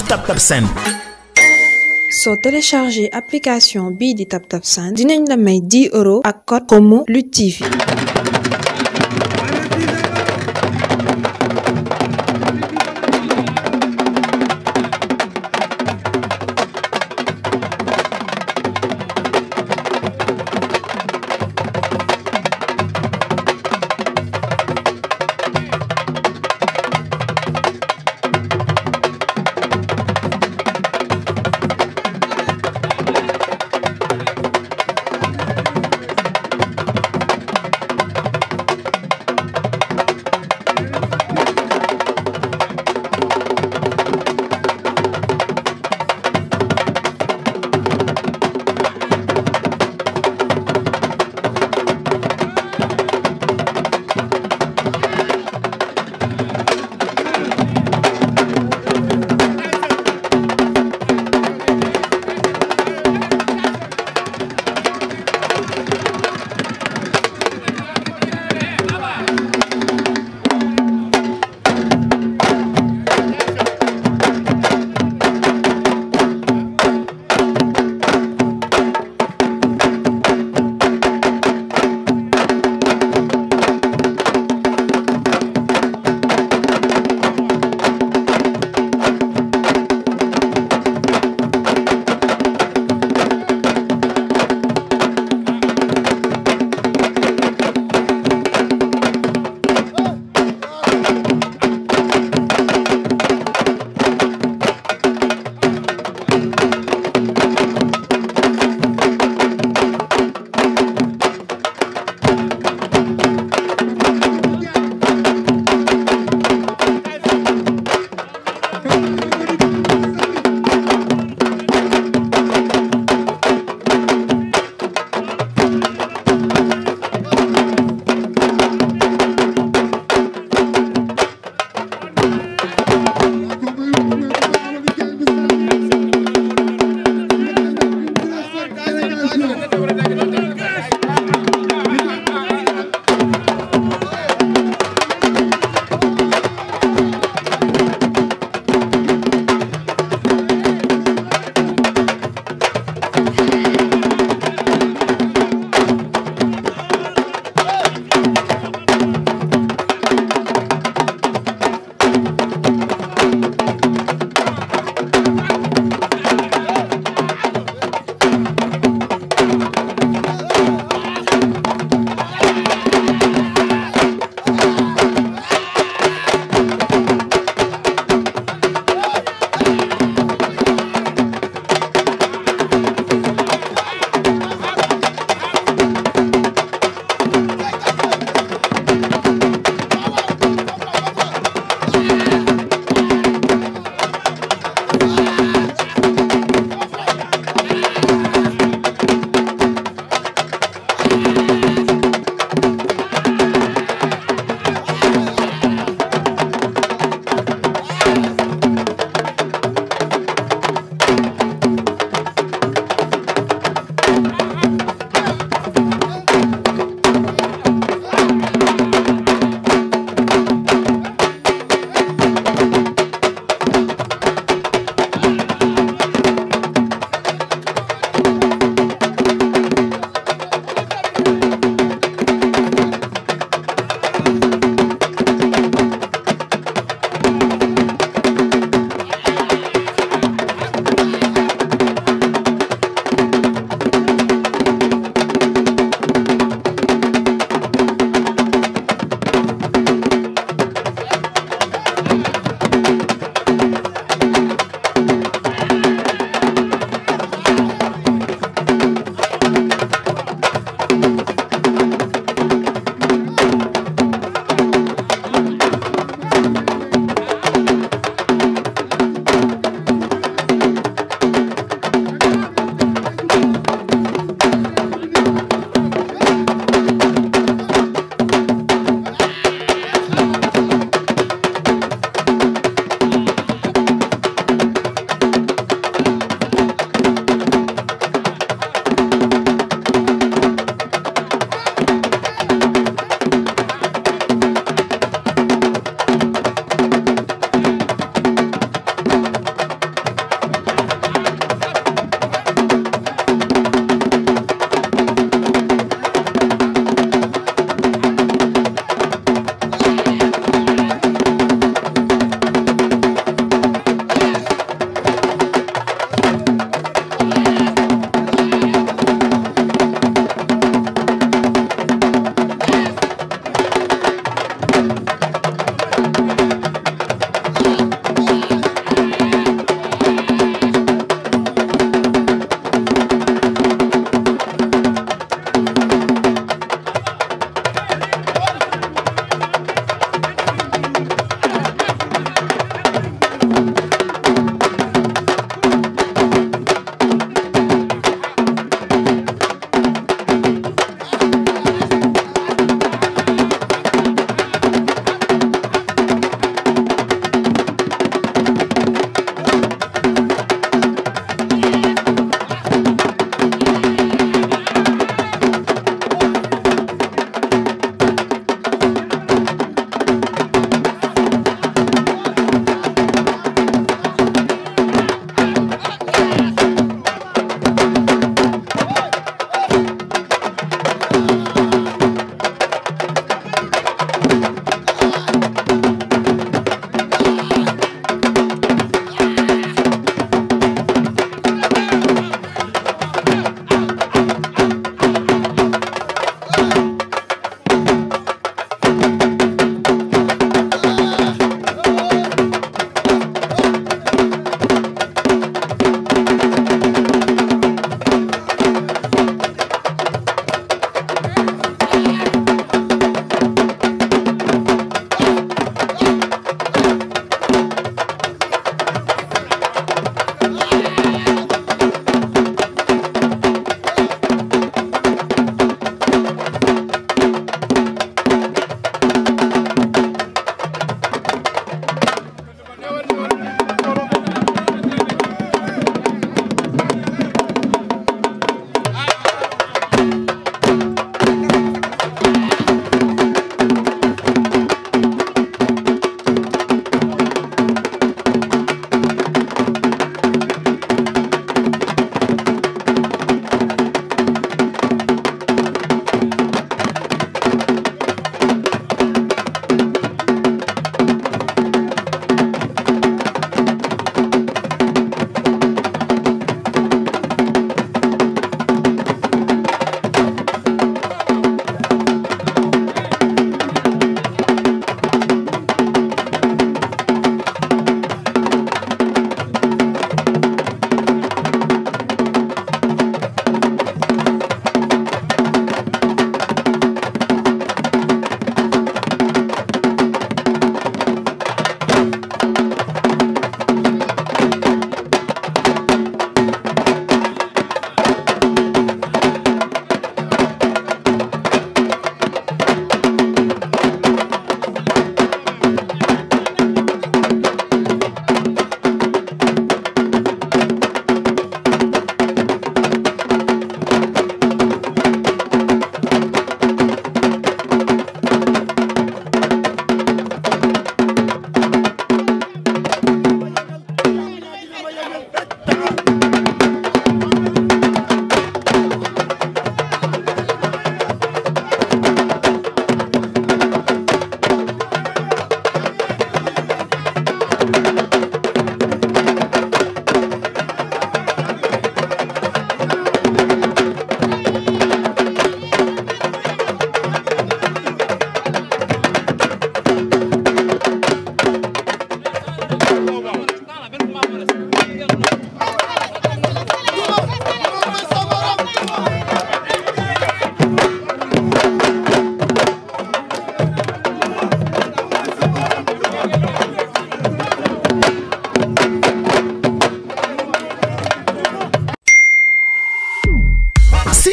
Off Tap Tap Send soo téléchargé application bii di Tap Tap Send dinañ la may 10 euros ak code comme Lutte TV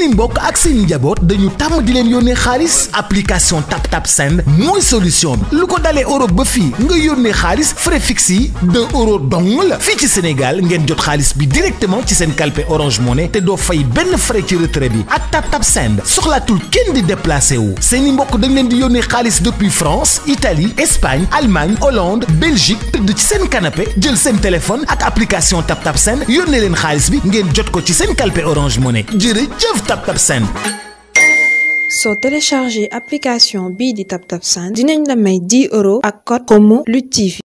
seeni mbokk ak seeni njaboot dañu tàmm di leen yónnee xaalis application TapTap Send mooy solution bi lu ko dalee Europe ba fii nga yónnee xaalis frais fixe yi deux euros dong la fii ci Sénégal ngeen jot xaalis bi directement ci seen kalpe Orange Money te doo fay benn frais ci retrait bi ak TapTap Send soxlaatul kenn di déplacé wu seeni mbokk dañ leen di yónnee xaalis depuis France Italie Espagne Allemagne Hollande Belgique tëdd ci seen canapé jël seen téléphone ak application TapTap Send yónnee bi ngeen jot ko ci seen kalpe Orange Money jërëjëf TapTap Send soo téléchargé application bii di TapTap Send dinañ la may 10 euros ak code promo TV